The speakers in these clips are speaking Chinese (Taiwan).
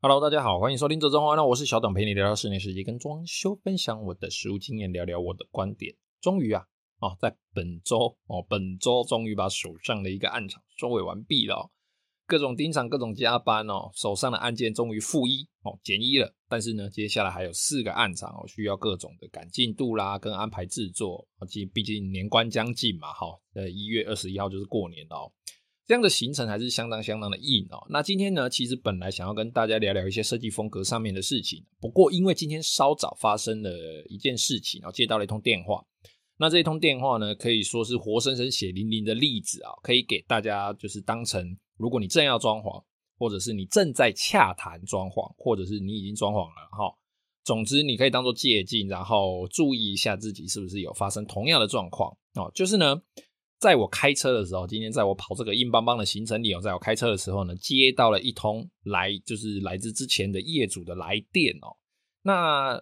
Hello，大家好，歡迎收聽《這周話》，那我是小董，陪你聊聊室內設計跟裝修，分享我的實務經驗，聊聊我的觀點。終於啊，哦、在本周哦，本周終於把手上的一個案場收尾完畢了，哦，各種盯場，各種加班哦，手上的案件終於負一哦，減一了。但是呢，接下來還有四個案場哦，需要各種的趕進度啦，跟安排製作啊，哦，畢竟年關將近嘛，哈，哦，呃，一月二十一號就是過年了，哦。這樣的行程還是相當相當的硬哦。那今天呢，其實本來想要跟大家聊聊一些設計風格上面的事情，不過因為今天稍早發生了一件事情，然後接到了一通電話。那這一通電話呢，可以說是活生生血淋淋的例子啊、哦，可以給大家就是當成，如果你正要裝潢，或者是你正在洽談裝潢，或者是你已經裝潢了哈、哦，總之你可以當做借鏡，然後注意一下自己是不是有發生同樣的狀況哦。就是呢。在我開車的時候，今天在我跑這個硬邦邦的行程裡哦，在我開車的時候呢，接到了一通來，就是來自之前的業主的來電哦。那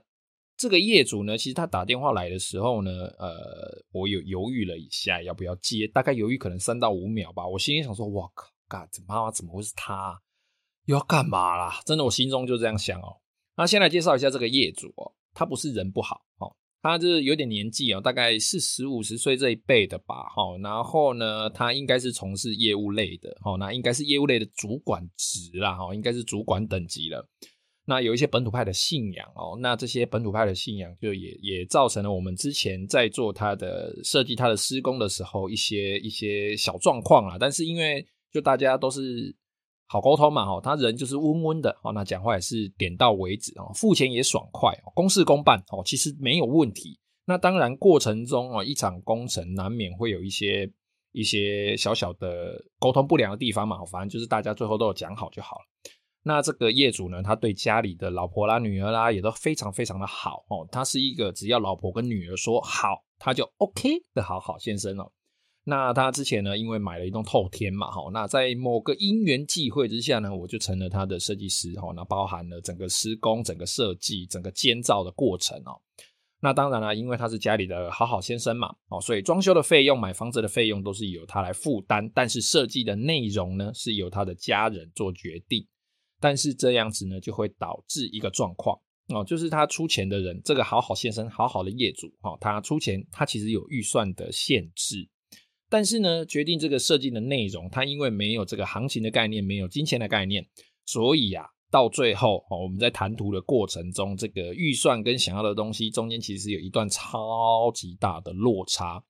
這個業主呢，其實他打電話來的時候呢，呃，我有猶豫了一下要不要接，大概猶豫可能三到五秒吧。我心裡想說，哇，靠，幹，媽媽怎麼會是他？又要幹嘛啦？真的，我心中就這樣想哦。那先來介紹一下這個業主哦，他不是人不好哦。他就是有點年紀哦，大概四十五十歲這一輩的吧，哈。然後呢，他應該是從事業務類的，哦，那應該是業務類的主管職啦，哈，應該是主管等級了。那有一些本土派的信仰哦，那這些本土派的信仰就也也造成了我們之前在做他的設計、他的施工的時候一些一些小狀況啊。但是因為就大家都是。好溝通嘛，哦，他人就是溫溫的哦，那講話也是點到為止哦，付錢也爽快哦，公事公辦哦，其實沒有問題。那當然過程中哦，一場工程難免會有一些一些小小的溝通不良的地方嘛，反正就是大家最後都有講好就好了。那這個業主呢，他對家裡的老婆啦、女兒啦也都非常非常的好哦，他是一個只要老婆跟女兒說好，他就 OK 的好好先生哦。那他之前呢，因為買了一棟透天嘛，好，那在某個因緣際會之下呢，我就成了他的設計師，哈，那包含了整個施工、整個設計、整個建造的過程哦。那當然了，因為他是家裡的好好先生嘛，哦，所以裝修的費用、買房子的費用都是由他來負擔，但是設計的內容呢，是由他的家人做決定。但是這樣子呢，就會導致一個狀況哦，就是他出錢的人，這個好好先生、好好的業主，哈，他出錢，他其實有預算的限制。但是呢，決定這個設計的內容，它，因為沒有這個行情的概念，沒有金錢的概念，所以啊，到最後哦，我們在談圖的過程中，這個預算跟想要的東西中間其實有一段超級大的落差。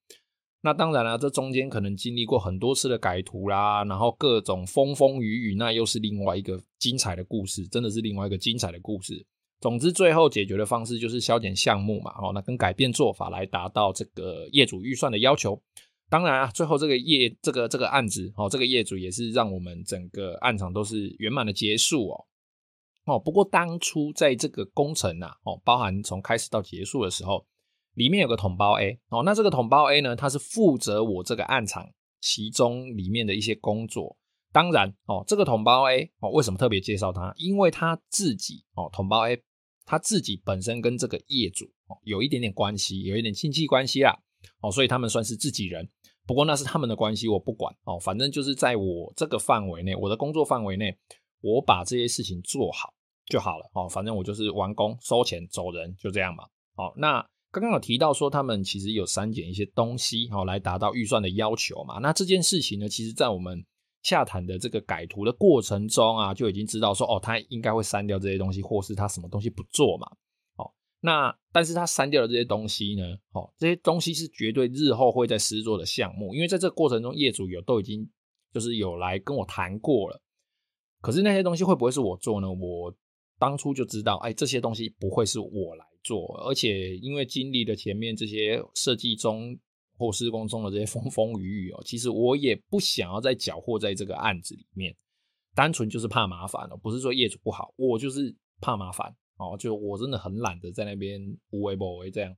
那當然啦、啊，這中間可能經歷過很多次的改圖啦，然後各種風風雨雨，那又是另外一個精彩的故事，真的是另外一個精彩的故事。總之，最後解決的方式就是削減項目嘛，哦，那跟改變做法來達到這個業主預算的要求。當然啊，最後這個業這個這個案子哦，這個業主也是讓我們整個案場都是圓滿的結束哦。哦，不過當初在這個工程啊，哦，包含從開始到結束的時候，裡面有個同胞 A 哦，那這個同胞 A 呢，他是負責我這個案場其中裡面的一些工作。當然哦，這個同胞 A 哦，為什麼特別介紹他？因為他自己哦，同胞 A 他自己本身跟這個業主哦有一點點關係，有一點親戚關係啦、啊、哦，所以他們算是自己人。不過那是他們的關係，我不管哦。反正就是在我這個範圍內，我的工作範圍內，我把這些事情做好就好了哦。反正我就是完工收錢走人，就這樣嘛。好，哦，那剛剛有提到說他們其實有刪減一些東西哈，哦，來達到預算的要求嘛。那這件事情呢，其實，在我們洽談的這個改圖的過程中啊，就已經知道說哦，他應該會刪掉這些東西，或是他什麼東西不做嘛。那但是他刪掉了這些東西呢，哦，這些東西是絕對日後會在施作的項目，因為在這個過程中，業主有都已經就是有來跟我談過了。可是那些東西會不會是我做呢？我當初就知道，哎，這些東西不會是我來做。而且因為經歷了前面這些設計中或施工中的這些風風雨雨哦，其實我也不想要再攪和在這個案子裡面，單純就是怕麻煩了。不是說業主不好，我就是怕麻煩。哦，就我真的很懶得在那邊無為不為這樣，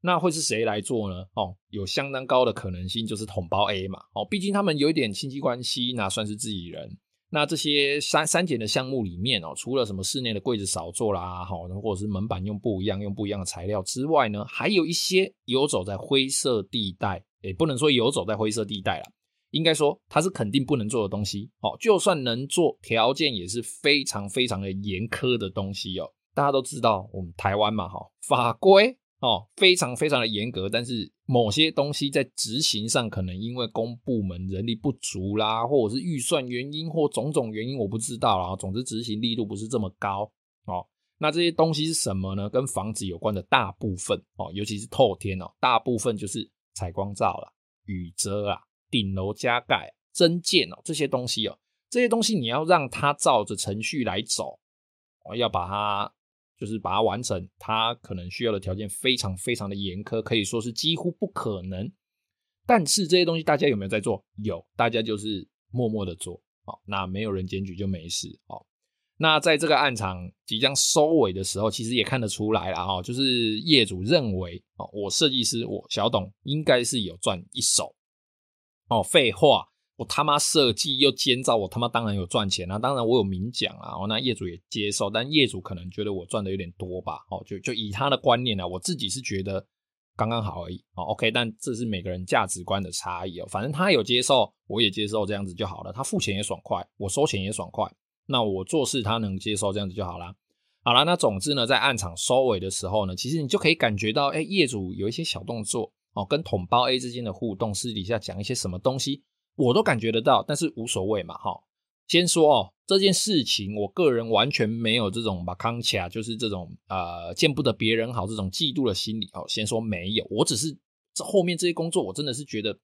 那會是誰來做呢？哦，有相當高的可能性就是統包 A 嘛。哦，畢竟他們有一點親戚關係，那算是自己人。那這些刪刪減的項目裡面哦，除了什麼室內的櫃子少做啦，哈，或者是門板用不一樣、用不一樣的材料之外呢，還有一些遊走在灰色地帶，也、欸，不能說遊走在灰色地帶啦。應該說，它是肯定不能做的東西。就算能做，條件也是非常非常的嚴苛的東西哦。大家都知道，我們台灣嘛，哈，法規哦，非常非常的嚴格。但是某些東西在執行上，可能因為公部門人力不足啦，或者是預算原因或種種原因，我不知道啦。總之，執行力度不是這麼高。哦，那這些東西是什麼呢？跟房子有關的大部分哦，尤其是透天哦，大部分就是採光罩啦、雨遮啦。頂樓加蓋、增建哦，這些東西哦、喔，這些東西你要讓它照着程序來走，我要把它就是把它完成，它可能需要的條件非常非常的嚴苛，可以說是幾乎不可能。但是這些東西大家有沒有在做？有，大家就是默默地做、喔、那沒有人檢舉就沒事哦、喔。那在這個案場即將收尾的時候，其實也看得出來了哦、喔，就是業主認為哦、喔，我設計師我小董應該是有賺一手。哦，廢話，我他媽設計又建造，我他媽當然有賺錢啊，當然我有明講啊，哦，那業主也接受，但業主可能覺得我賺的有點多吧，哦，就就以他的觀念呢、啊，我自己是覺得剛剛好而已，哦，OK，但這是每個人價值觀的差異哦，反正他有接受，我也接受，這樣子就好了，他付錢也爽快，我收錢也爽快，那我做事他能接受，這樣子就好了，好了，那總之呢，在案場收尾的時候呢，其實你就可以感覺到，哎、欸，業主有一些小動作。哦，跟統包 A 之間的互動，私底下講一些什麼東西，我都感覺得到，但是無所謂嘛，哈。先說哦，這件事情，我個人完全沒有這種馬康卡，就是這種呃見不得別人好這種嫉妒的心理哦。先說沒有，我只是這後面這些工作，我真的是覺得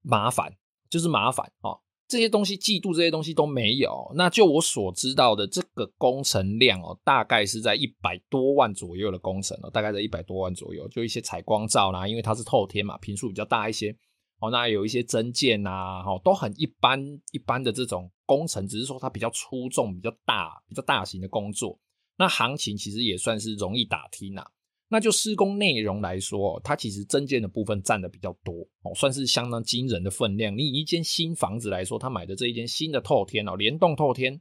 麻煩，就是麻煩哦。這些東西，季度這些東西都沒有。那就我所知道的，這個工程量哦，大概是在一百多萬左右的工程哦，大概在一百多萬左右，就一些採光罩啦，啊，因為它是透天嘛，坪數，比較大一些哦。那有一些增建吶，哦，都很一般一般的這種工程，只是說它比較出眾，比較大，比較大型的工作。那行情其實也算是容易打聽啊。那就施工內容來說，它其實增建的部分佔的比較多哦，算是相當驚人的分量。你以一間新房子來說，他買的這一間新的透天哦，聯棟透天，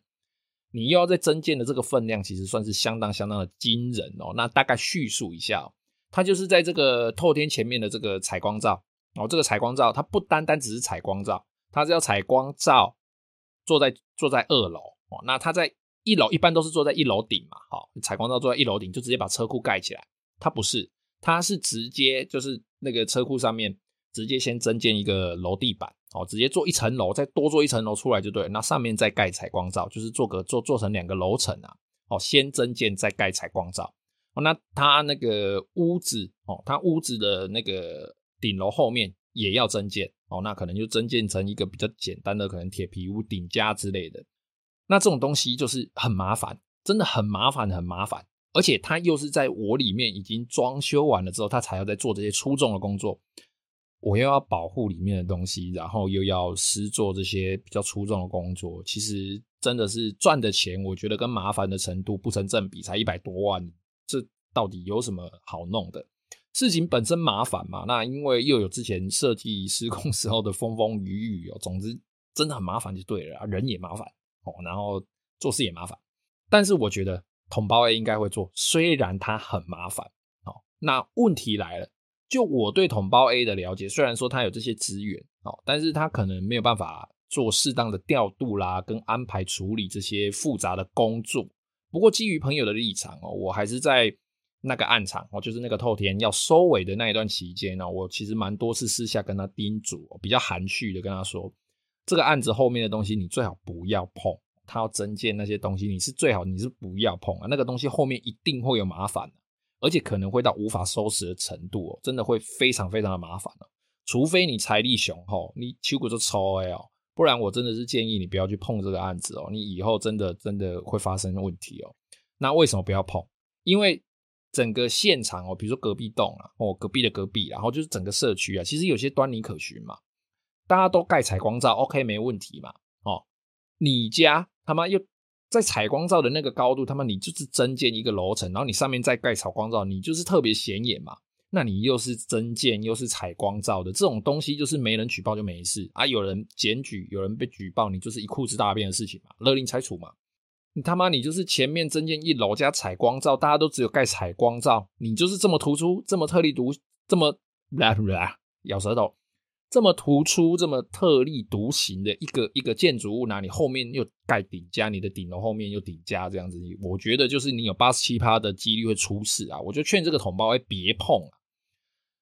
你又要在增建的這個分量，其實算是相當相當的驚人哦。那大概敘述一下，它就是在這個透天前面的這個採光罩哦，這個採光罩它不單單只是採光罩，它是要採光罩坐在坐在二樓哦，那它在一樓一般都是坐在一樓頂嘛，好，採光罩坐在一樓頂就直接把車庫蓋起來。它不是，它是直接就是那個車庫上面直接先增建一個樓地板，哦，直接做一層樓，再多做一層樓出來就對。那上面再蓋採光罩，就是做個做做成兩個樓層啊，哦，先增建再蓋採光罩，哦。那它那個屋子哦，它屋子的那個頂樓後面也要增建哦，那可能就增建成一個比較簡單的，可能鐵皮屋頂架之類的。那這種東西就是很麻煩，真的很麻煩，很麻煩。而且他又是在我裡面已經裝修完了之後，他才要在做這些粗重的工作。我又要保護裡面的東西，然後又要施做這些比較粗重的工作。其實真的是賺的錢，我覺得跟麻煩的程度不成正比，才一百多萬，這到底有什麼好弄的？事情本身麻煩嘛，那因為又有之前設計施工時候的風風雨雨哦，總之真的很麻煩就對了，人也麻煩哦，然後做事也麻煩。但是我覺得。統包 A 應該會做，雖然它很麻煩哦。那問題來了，就我對統包 A 的了解，雖然說他有這些資源哦，但是他可能沒有辦法做適當的調度啦，跟安排處理這些複雜的工作。不過基於朋友的立場哦，我還是在那個案場哦，就是那個透天要收尾的那一段期間呢，我其實蠻多次私下跟他叮囑，比較含蓄的跟他說，這個案子後面的東西你最好不要碰。他要增建那些東西，你是最好你是不要碰啊，那個東西後面一定會有麻煩，而且可能會到無法收拾的程度哦、喔，真的會非常非常的麻煩、喔、除非你財力雄厚、喔，你持股就超哦，不然我真的是建議你不要去碰這個案子哦、喔，你以後真的真的會發生問題哦、喔。那為什麼不要碰？因為整個現場哦、喔，比如說隔壁棟啊，哦、喔、隔壁的隔壁，然後就是整個社區啊，其實有些端倪可循嘛。大家都蓋採光罩，OK，沒問題嘛。哦、喔，你家。他媽又在採光罩的那個高度，他媽你就是增建一個樓層，然後你上面再蓋採光罩，你就是特別顯眼嘛。那你又是增建又是採光罩的這種東西，就是沒人舉報就沒事啊。有人檢舉，有人被舉報，你就是一褲子大便的事情嘛，勒令拆除嘛。你他媽你就是前面增建一樓加採光罩，大家都只有蓋採光罩，你就是這麼突出，這麼特立獨，這麼啦啦，咬舌頭。這麼突出，這麼特立獨行的一個一個建築物，那你後面又蓋頂加你的頂樓後面又頂加這樣子，我覺得就是你有八十七趴的幾率會出事啊！我就勸這個同胞哎，別碰。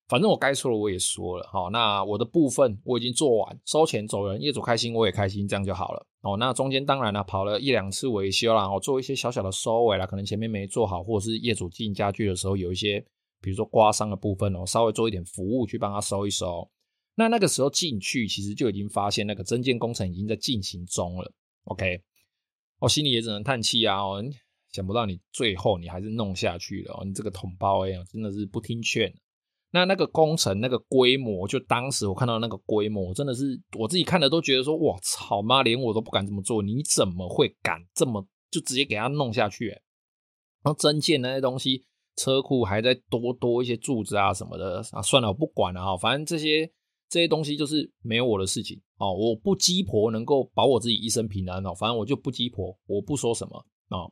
反正我該說的我也說了哈，那我的部分我已經做完，收錢走人，業主開心我也開心，這樣就好了哦。那中間當然了，啊，跑了一兩次維修啦，然後做一些小小的收尾啦，可能前面沒做好，或者是業主進家具的時候有一些，比如說刮傷的部分哦，喔，稍微做一點服務去幫他收一收。那那個時候進去，其實就已經發現那個增建工程已經在進行中了。OK，我、oh, 心裡也只能嘆氣啊！Oh, 想不到你最後你還是弄下去了。Oh, 你這個同胞呀，oh, 真的是不聽勸。那那個工程那個規模，就當時我看到那個規模，真的是我自己看了都覺得說：我操媽，連我都不敢這麼做，你怎麼會敢這麼就直接給他弄下去、啊？然後增建那些東西，車庫還在多多一些柱子啊什麼的啊。算了，我不管了啊，反正這些。這些東西就是沒有我的事情哦，我不雞婆，能夠保我自己一生平安哦，反正我就不雞婆，我不說什麼哦，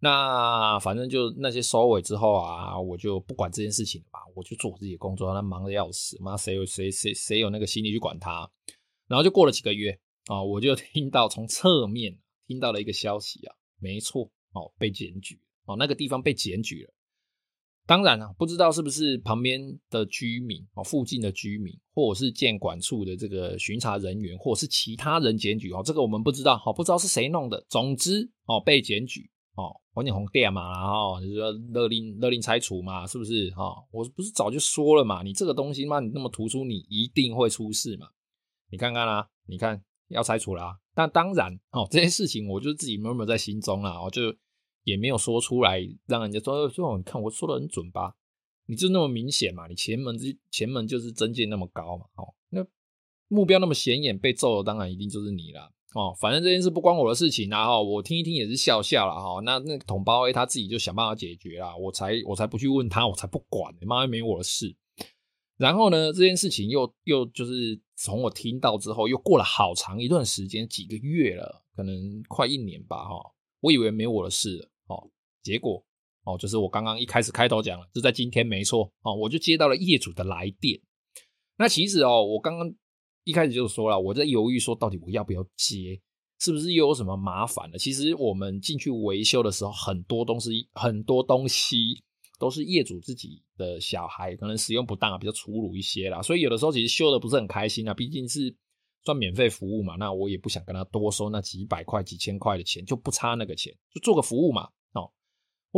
那反正就那些收尾之後啊，我就不管這件事情了吧，我就做我自己的工作。他忙得要死，媽誰有誰誰誰有那個心力去管他？然後就過了幾個月啊，哦，我就聽到從側面聽到了一個消息啊，沒錯哦，被檢舉哦，那個地方被檢舉了。當然了、啊，不知道是不是旁邊的居民啊、哦，附近的居民，或者是建管處的這個巡查人員，或者是其他人檢舉哦，這個我們不知道、哦、不知道是誰弄的。總之哦，被檢舉哦，黃錦鴻嘛，然後就說勒令勒令拆除嘛，是不是、哦、我不是早就說了嘛，你這個東西嘛，你那麼突出，你一定會出事嘛。你看看啦、啊，你看要拆除啦、啊。但當然哦，這件事情我就自己默默在心中啦，我就。也沒有說出來，讓人家說說，你看我說的很準吧。你就那麼明顯嘛。你前門之前門就是增建那麼高嘛。哦，那目標那麼顯眼，被揍了當然一定就是你了哦。反正這件事不關我的事情啊！哈、哦，我聽一聽也是笑笑啦！哈、哦，那那個同胞他自己就想辦法解決啦，我才我才不去問他，我才不管，你媽也沒我的事。然後呢，這件事情又又就是從我聽到之後，又過了好長一段時間，幾個月了，可能快一年吧！哈、哦，我以為沒我的事了。結果哦，就是我剛剛一開始開頭講了，就在今天沒錯哦，我就接到了業主的來電。那其實哦，我剛剛一開始就說了，我在猶豫說到底我要不要接，是不是又有什麼麻煩呢？其實我們進去維修的時候，很多東西很多東西都是業主自己的小孩，可能使用不當啊，比較粗魯一些啦。所以有的時候其實修的不是很開心啊，畢竟是算免費服務嘛，那我也不想跟他多收那幾百塊幾千塊的錢，就不差那個錢，就做個服務嘛。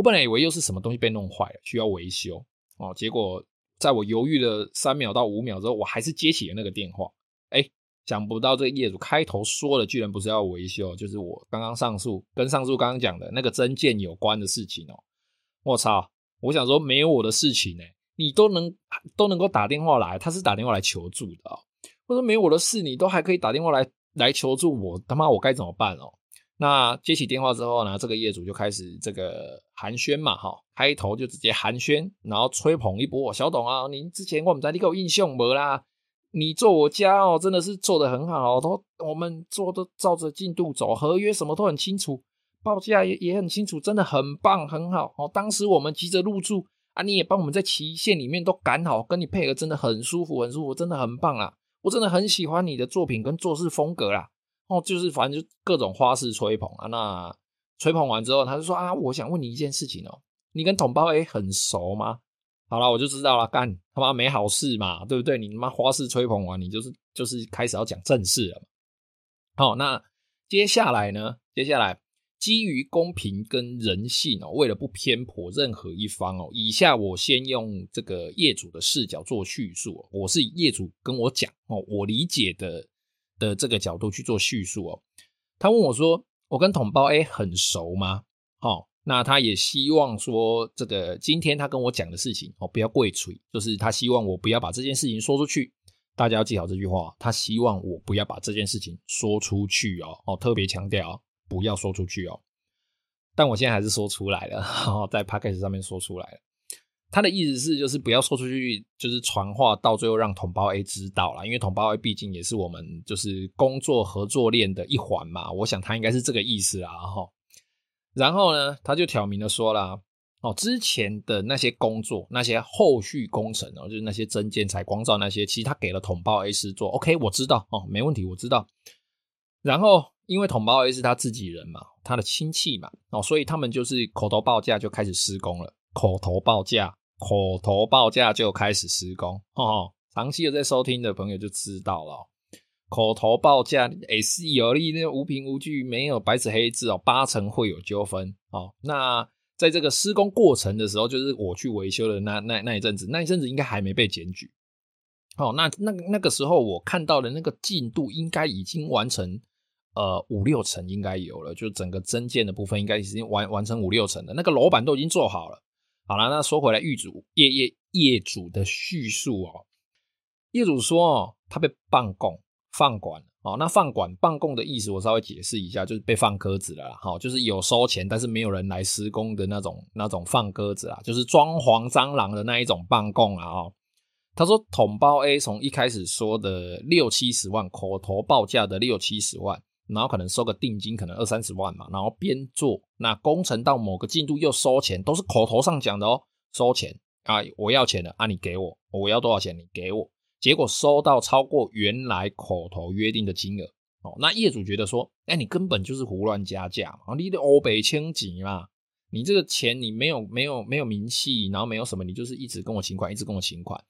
我本來以為又是什麼東西被弄壞了，需要維修哦、喔。結果在我猶豫了三秒到五秒之後，我還是接起了那個電話。哎、欸，想不到這個業主開頭說的，居然不是要維修，就是我剛剛上述跟上述剛剛講的那個增建有關的事情哦、喔。我操！我想說沒有我的事情呢、欸，你都能都能夠打電話來，他是打電話來求助的或、喔、者說沒我的事，你都還可以打電話來來求助我，他媽我該怎麼辦哦、喔？那接起電話之後呢，這個業主就開始這個寒暄嘛，哈，開頭就直接寒暄，然後吹捧一波，哦，小董啊，您之前跟我們在那個我印象沒啦？你做我家哦，真的是做的很好，我都我們做的照着進度走，合約什麼都很清楚，報價也也很清楚，真的很棒，很好哦。當時我們急着入住啊，你也幫我們在期限裡面都趕好，跟你配合真的很舒服，很舒服，真的很棒啦。我真的很喜歡你的作品跟做事風格啦。哦，就是反正就各種花式吹捧啊。那吹捧完之後，他就說啊，我想問你一件事情哦，你跟統包誒、欸、很熟嗎？好了，我就知道了，幹他媽沒好事嘛，對不對？你他媽花式吹捧完，你就是就是開始要講正事了嘛。好、哦，那接下來呢？接下來基於公平跟人性哦，為了不偏頗任何一方哦，以下我先用這個業主的視角做敘述。我是業主跟我講哦，我理解的。的這個角度去做敘述哦。他問我說：“我跟統包，欸、很熟嗎？”好，哦，那他也希望說這個今天他跟我講的事情哦，不要跪錘，就是他希望我不要把這件事情說出去。大家要記好這句話，他希望我不要把這件事情說出去哦。哦，特別強調，不要說出去哦。但我現在還是說出來了，哦，在 Podcast 上面說出來了。他的意思是，就是不要說出去，就是傳話，到最後讓統包 A 知道了，因為統包 A 畢竟也是我們就是工作合作鏈的一環嘛。我想他應該是這個意思啊，哈。然後呢，他就挑明了說了，哦，之前的那些工作，那些後續工程哦，就是那些增建、採光罩那些，其實他給了統包 A 是做，OK，我知道哦，沒問題，我知道。然後因為統包 A 是他自己人嘛，他的親戚嘛，哦，所以他們就是口頭報價就開始施工了，口頭報價。口頭報價就開始施工哦，長期有在收聽的朋友就知道了。口頭報價誒，是有利那個、無憑無據，沒有白紙黑字哦，八成會有糾紛哦。那在這個施工過程的時候，就是我去維修的那那那一陣子，那一陣子應該還沒被檢舉哦。那那那個時候我看到的那個進度，應該已經完成呃五六成應該有了，就整個增建的部分應該已經完完成五六成了，那個樓板都已經做好了。好了，那說回來，業主業業業主的敘述哦、喔，業主說哦，他被辦公放供放管了哦，那放管放供的意思，我稍微解釋一下，就是被放鴿子了啦、喔，就是有收錢，但是沒有人來施工的那種那種放鴿子啦，就是裝潢蟑螂的那一種放供啊哦，他說統包 A 從一開始說的六七十萬口頭報價的六七十萬。然後可能收個定金，可能二三十萬嘛。然後邊做那工程到某個進度又收錢，都是口頭上講的哦。收錢啊、哎，我要錢的啊，你給我，我要多少錢你給我。結果收到超過原來口頭約定的金額哦。那業主覺得說，哎，你根本就是胡亂加價嘛、啊，你的歐北千幾嘛，你這個錢你沒有沒有沒有明細，然後沒有什麼，你就是一直跟我請款，一直跟我請款。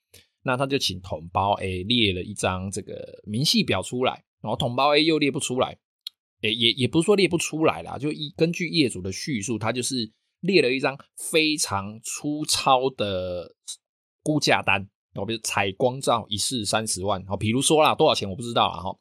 那他就請統包 A 列了一張這個明細表出來，然後統包 A 又列不出來。也也也不是說列不出來啦，就一根據業主的敘述，他就是列了一張非常粗糙的估價單，比如採光照一式三十萬哦，比如說啦多少錢我不知道啊哈，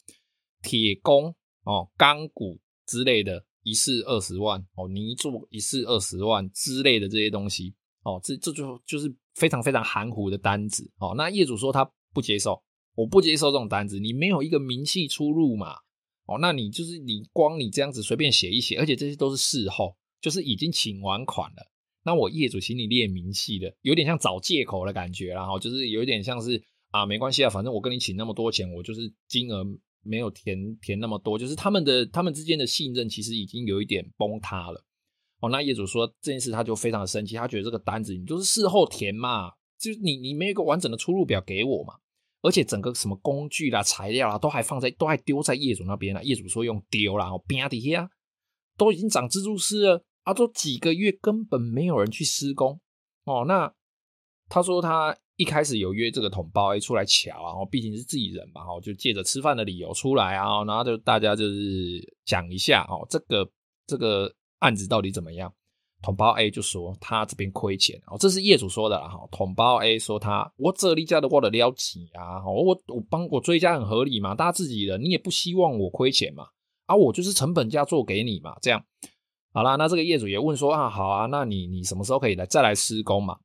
鐵工哦鋼骨之類的，一式二十萬哦，泥作一式二十萬之類的這些東西哦，這這就就是非常非常含糊的單子哦。那業主說他不接受，我不接受這種單子，你沒有一個明細出入嘛。哦，那你就是你光你這樣子隨便寫一寫，而且這些都是事後，就是已經請完款了。那我業主請你列明細的，有點像找借口的感覺啦，哦，然後就是有一點像是啊，沒關係啊，反正我跟你請那麼多錢，我就是金額沒有填填那麼多，就是他們的他們之間的信任其實已經有一點崩塌了。哦，那業主說這件事他就非常的生氣，他覺得這個單子你就是事後填嘛，就你你沒有一個完整的出入表給我嘛。而且整個什麼工具啦、材料啦，都還放在，都還丟在業主那邊了。業主說用丟了，然後邊底下都已經長蜘蛛絲了，啊，都幾個月根本沒有人去施工哦。那他說他一開始有約這個同胞一出來瞧啊，哦，畢竟是自己人嘛，哦，就借着吃飯的理由出來啊，然後就大家就是講一下哦，這個這個案子到底怎麼樣？同胞 A 就說他這邊虧錢哦，這是業主說的啦哈、哦。同胞 A 說他我這裡加都過得了錢啊，哦、我我幫我追加很合理嘛，大家自己人，你也不希望我虧錢嘛啊，我就是成本價做給你嘛，這樣好啦，那這個業主也問說啊，好啊，那你你什麼時候可以來再來施工嘛？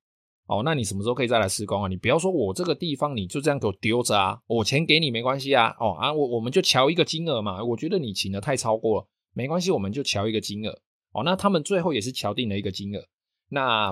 哦，那你什麼時候可以再來施工啊？你不要說我這個地方你就這樣給我丟着啊，我錢給你沒關係啊，哦啊，我我們就喬一個金額嘛，我覺得你請的太超過了，沒關係，我們就喬一個金額。哦，那他們最後也是敲定了一個金額。那，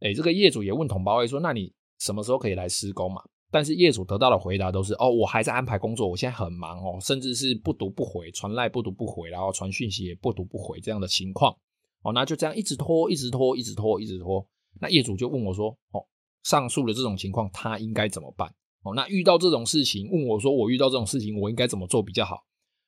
哎、欸，這個業主也問統包會說，那你什麼時候可以來施工嘛？但是業主得到的回答都是，哦，我還在安排工作，我現在很忙哦，甚至是不讀不回，傳賴不讀不回，然後傳訊息也不讀不回這樣的情況。哦，那就這樣一直拖，一直拖，一直拖，一直拖。那業主就問我說，哦，上述的這種情況他應該怎麼辦？哦，那遇到這種事情，問我說，我遇到這種事情，我應該怎麼做比較好？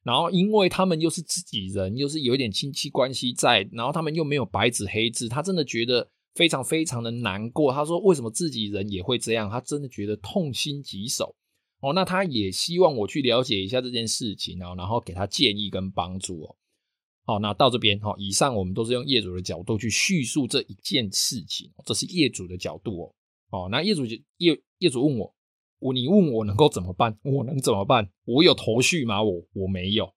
然後因為他們又是自己人，又是有一點親戚關係在，然後他們又沒有白紙黑字，他真的覺得非常非常的難過。他說：“為什麼自己人也會這樣？”他真的覺得痛心疾首哦。那他也希望我去了解一下這件事情，然後給他建議跟幫助哦。好，那到這邊哈，以上我們都是用業主的角度去敘述這一件事情，這是業主的角度哦。哦，那業主就業業主問我。我你問我能夠怎麼辦？我能怎麼辦？我有頭緒嗎？我我沒有。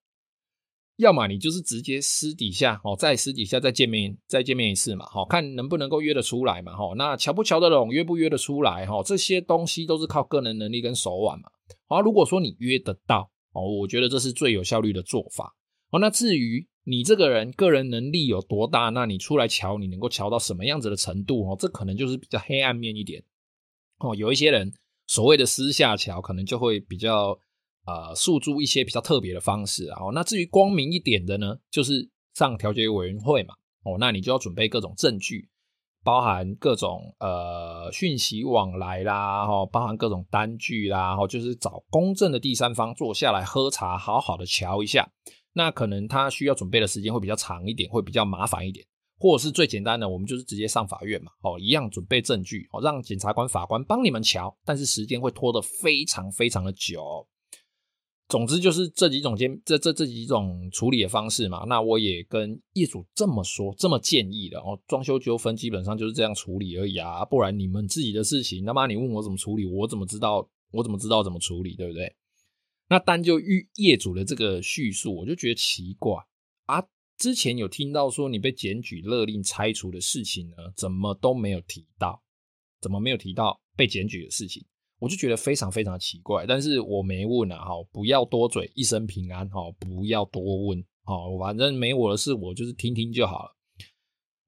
要麼你就是直接私底下哦，在私底下再見面，再見面一次嘛，好，看能不能夠約得出來嘛，哈。那瞧不瞧得攏，約不約得出來，哈，這些東西都是靠個人能力跟手腕嘛。好，如果說你約得到，哦，我覺得這是最有效率的做法。哦，那至於你這個人個人能力有多大，那你出來瞧，你能夠瞧到什麼樣子的程度哦，這可能就是比較黑暗面一點。哦，有一些人。所謂的私下喬，可能就會比較呃訴諸一些比較特別的方式啊。那至於光明一點的呢，就是上調解委員會嘛。哦，那你就要準備各種證據，包含各種呃訊息往來啦，哦，包含各種單據啦，哦，就是找公正的第三方坐下來喝茶，好好的喬一下。那可能他需要準備的時間會比較長一點，會比較麻煩一點。或者是最簡單的，我們就是直接上法院嘛，哦，一樣準備證據，哦，讓檢察官、法官幫你們瞧，但是時間會拖得非常非常的久。總之就是這幾種間，這這這幾種處理的方式嘛。那我也跟業主這麼說，這麼建議的哦。裝修糾紛基本上就是這樣處理而已啊，不然你們自己的事情，那麼你問我怎麼處理，我怎麼知道？我怎麼知道怎麼處理？對不對？那單就遇業主的這個敘述，我就覺得奇怪啊。之前有聽到說你被檢舉勒令拆除的事情呢，怎麼都沒有提到？怎麼沒有提到被檢舉的事情？我就覺得非常非常奇怪。但是我沒問啊，哈，不要多嘴，一生平安，哈，不要多問，哈，反正沒我的事，我就是聽聽就好了。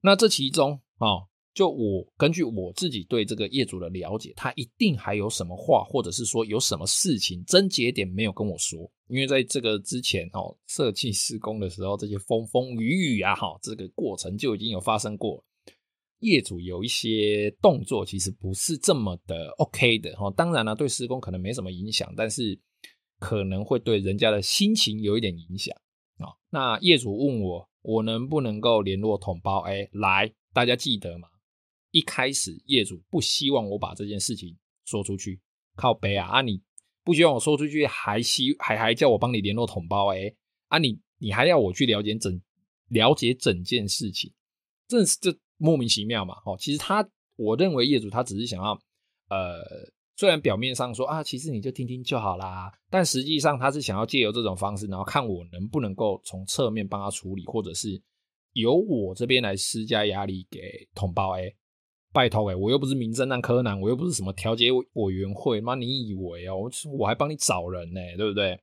那這其中，就我根據我自己對這個業主的了解，他一定還有什麼話，或者是說有什麼事情，癥結點沒有跟我說。因為在這個之前哦，設計施工的時候，這些風風雨雨啊，好，這個過程就已經有發生過。業主有一些動作其實不是這麼的 OK 的。當然了，對施工可能沒什麼影響，但是可能會對人家的心情有一點影響啊。那業主問我，我能不能夠聯絡統包？哎，來，大家記得嘛。一開始業主不希望我把這件事情說出去，靠北啊！啊，你不希望我說出去還，還希還還叫我幫你聯絡統包誒、欸，啊你，你你還要我去了解整了解整件事情，這是這莫名其妙嘛！哦，其實他我認為業主他只是想要呃，雖然表面上說啊，其實你就聽聽就好啦，但實際上他是想要借由這種方式，然後看我能不能夠從側面幫他處理，或者是由我這邊來施加壓力給統包誒、欸。拜託哎，我又不是名偵探柯南，我又不是什麼調解委員會，嘛，你以為哦、喔？我還幫你找人呢、欸，對不對？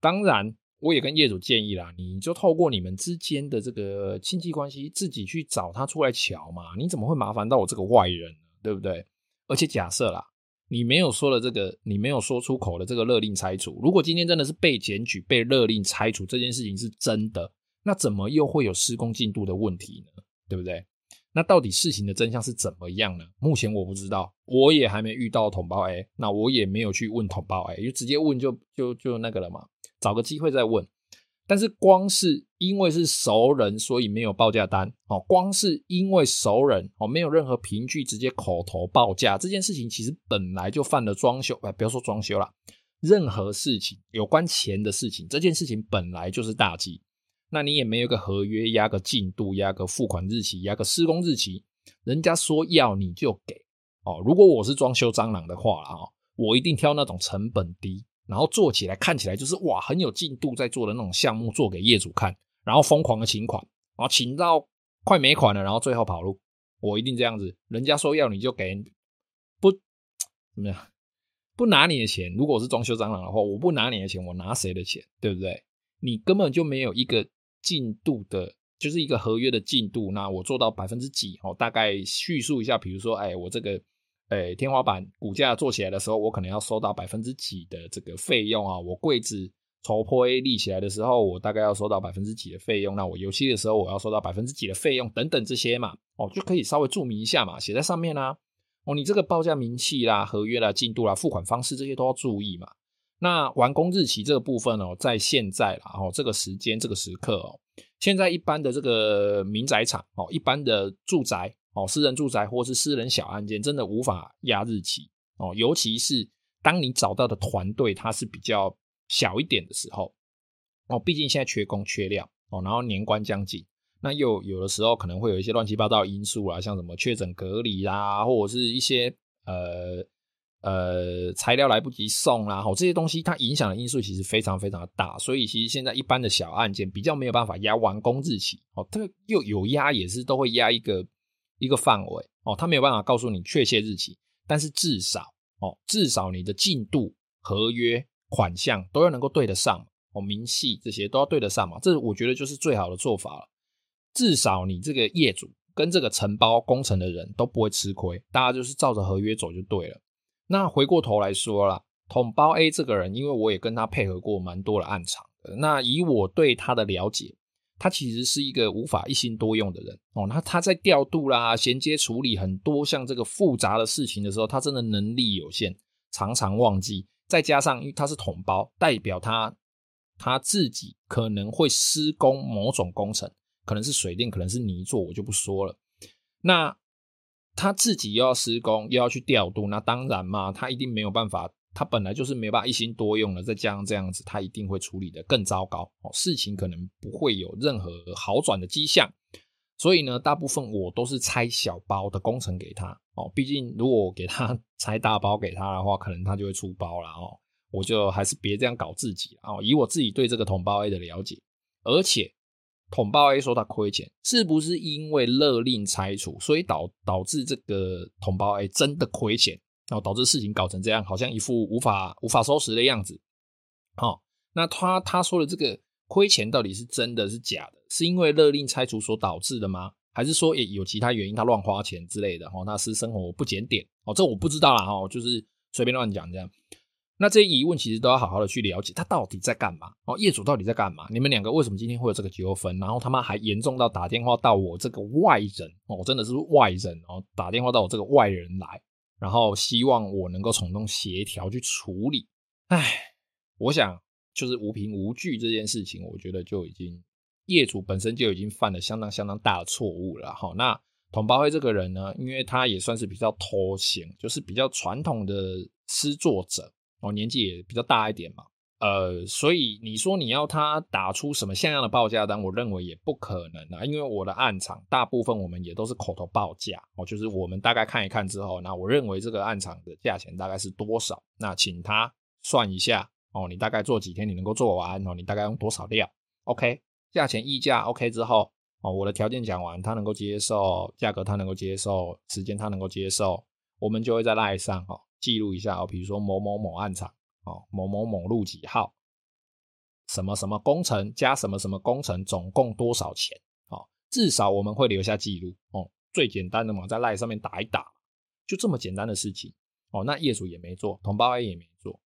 當然，我也跟業主建議啦，你就透過你們之間的這個親戚關係，自己去找他出來瞧嘛。你怎麼會麻煩到我這個外人呢？對不對？而且假設啦，你沒有說了這個，你沒有說出口的這個勒令拆除，如果今天真的是被檢舉被勒令拆除這件事情是真的，那怎麼又會有施工進度的問題呢？對不對？那到底事情的真相是怎麼樣呢？目前我不知道，我也還沒遇到同胞哎，那我也沒有去問同胞哎，就直接問就就就那個了嘛，找個機會再問。但是光是因為是熟人，所以沒有報價單哦，光是因為熟人哦，沒有任何憑據，直接口頭報價，這件事情其實本來就犯了裝修哎，不要說裝修了，任何事情有關錢的事情，這件事情本來就是大忌。那你也沒有個合約，壓個進度，壓個付款日期，壓個施工日期，人家說要你就給哦。如果我是裝修蟑螂的話啊，我一定挑那種成本低，然後做起來看起來就是哇很有進度在做的那種項目，做給業主看，然後瘋狂的請款，然後請到快沒款了，然後最後跑路，我一定這樣子。人家說要你就給你，不怎麼樣？不拿你的錢。如果我是裝修蟑螂的話，我不拿你的錢，我拿誰的錢？對不對？你根本就沒有一個。進度的，就是一個合約的進度。那我做到百分之幾哦？大概敘述一下，比如說，哎，我這個，哎，天花板骨架做起來的時候，我可能要收到百分之幾的這個費用啊。我櫃子抽破 A 立起來的時候，我大概要收到百分之幾的費用。那我油漆的時候，我要收到百分之幾的費用等等這些嘛，哦，就可以稍微注明一下嘛，寫在上面啦、啊、哦，你這個報價明細啦、合約啦、進度啦、付款方式這些都要注意嘛。那完工日期這個部分哦，在現在啦，哦，這個時間這個時刻哦，現在一般的這個民宅廠哦，一般的住宅哦，私人住宅或是私人小案件，真的無法壓日期哦，尤其是當你找到的團隊它是比較小一點的時候哦，畢竟現在缺工缺料哦，然後年關將近，那又有的時候可能會有一些亂七八糟的因素啊，像什麼確診隔離啦，或者是一些呃。呃，材料來不及送啦，吼，這些東西它影響的因素其實非常非常的大，所以其實現在一般的小案件比較沒有辦法壓完工日期，哦，這個又有壓也是都會壓一個一個範圍，哦，他沒有辦法告訴你確切日期，但是至少，哦，至少你的進度、合約、款項都要能夠對得上，哦，明細這些都要對得上嘛，這我覺得就是最好的做法了。至少你這個業主跟這個承包工程的人都不會吃虧，大家就是照着合約走就對了。那回過頭來說啦，統包 A 這個人，因為我也跟他配合過蠻多的暗場的。那以我對他的了解，他其實是一個無法一心多用的人哦。那他在調度啦、銜接處理很多像這個複雜的事情的時候，他真的能力有限，常常忘記。再加上因為他是統包，代表他他自己可能會施工某種工程，可能是水電，可能是泥作，我就不說了。那他自己又要施工，又要去調度，那當然嘛，他一定沒有辦法，他本來就是沒辦法一心多用了，再加上這樣子，他一定會處理得更糟糕哦，事情可能不會有任何好轉的跡象，所以呢，大部分我都是拆小包的工程給他哦，畢竟如果我給他拆大包給他的話，可能他就會出包了哦，我就還是別這樣搞自己哦，以我自己對這個同胞 A 的了解，而且。統包 A 說他虧錢，是不是因為勒令拆除，所以導導致這個統包 A 真的虧錢，然後導致事情搞成這樣，好像一副無法無法收拾的樣子。好、哦，那他他說的這個虧錢到底是真的是假的？是因為勒令拆除所導致的嗎？還是說也有其他原因？他亂花錢之類的？那、哦、他私生活不檢點哦，這我不知道啦、哦。就是隨便亂講這樣。那這些疑問其實都要好好的去了解，他到底在幹嘛？哦，業主到底在幹嘛？你們兩個為什麼今天會有這個糾紛？然後他媽還嚴重到打電話到我這個外人哦，我真的是外人哦，打電話到我這個外人來，然後希望我能夠從中協調去處理。唉，我想就是無憑無據這件事情，我覺得就已經業主本身就已經犯了相當相當大的錯誤了。好、哦，那統包會這個人呢，因為他也算是比較偷行，就是比較傳統的施作者。哦，年紀也比較大一點嘛，呃，所以你說你要他打出什麼像樣的報價單，我認為也不可能啊，因為我的案場大部分我們也都是口頭報價哦，就是我們大概看一看之後，那我認為這個案場的價錢大概是多少，那請他算一下哦，你大概做幾天你能夠做完哦，你大概用多少料，OK，價錢議價 OK 之後哦，我的條件講完，他能夠接受，價格他能夠接受，時間他能夠接受，我們就會在賴上哦。記錄一下啊，比如說某某某案場，某某某路幾號，什麼什麼工程加什麼什麼工程，總共多少錢？啊，至少我們會留下記錄哦。最簡單的嘛，在賴上面打一打，就這麼簡單的事情。哦，那業主也沒做，同胞也沒做，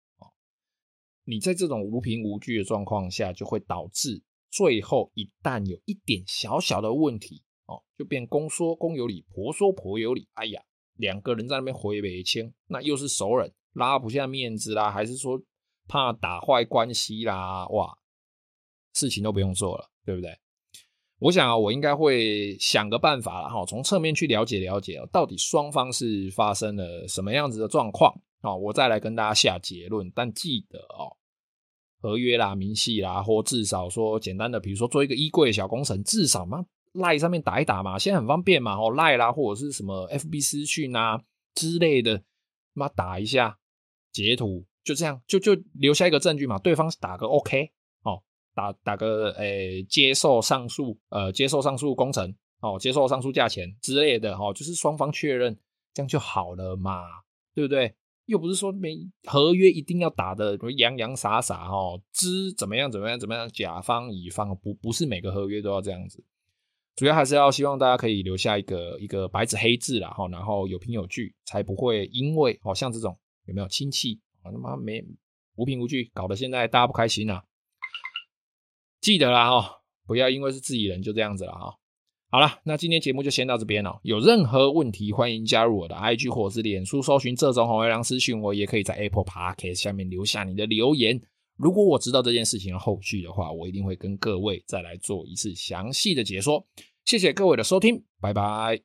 你在這種無憑無據的狀況下，就會導致最後一旦有一點小小的問題，哦，就變公說公有理，婆說婆有理。哎呀！兩個人在那邊回北京，那又是熟人，拉不下面子啦，還是說怕打壞關係啦？哇，事情都不用做了，對不對？我想啊，我應該會想個辦法啦，從側面去了解了解，到底雙方是發生了什麼樣子的狀況啊？我再來跟大家下結論，但記得哦，合約啦、明細啦，或至少說簡單的，比如說做一個衣櫃小工程，至少嗎？賴上面打一打嘛，現在很方便嘛，哦，賴啦或者是什麼 F B 私訊啊之類的，他打一下，截圖就這樣，就就留下一個證據嘛，對方打個 OK 哦，打打個誒接受上述，呃接受上述工程哦，接受上述價錢之類的哈、哦，就是雙方確認這樣就好了嘛，對不對？又不是說沒合約一定要打得，洋洋灑灑哦，之怎麼樣怎麼樣怎麼樣，甲方乙方不不是每個合約都要這樣子。主要還是要希望大家可以留下一個一個白紙黑字啦，哈，然後有憑有據，才不會因為哦像這種有沒有親戚啊，他媽沒無憑無據，搞得現在大家不開心了，啊。記得啦，哈，哦，不要因為是自己人就這樣子了，哈，哦。好了，那今天節目就先到這邊哦。有任何問題，歡迎加入我的 IG 或者是臉書，搜尋“這種紅尾狼”，私訊我，也可以在 Apple Podcast 下面留下你的留言。如果我知道這件事情後續的話，我一定會跟各位再來做一次詳細的解說。謝謝各位的收聽，拜拜。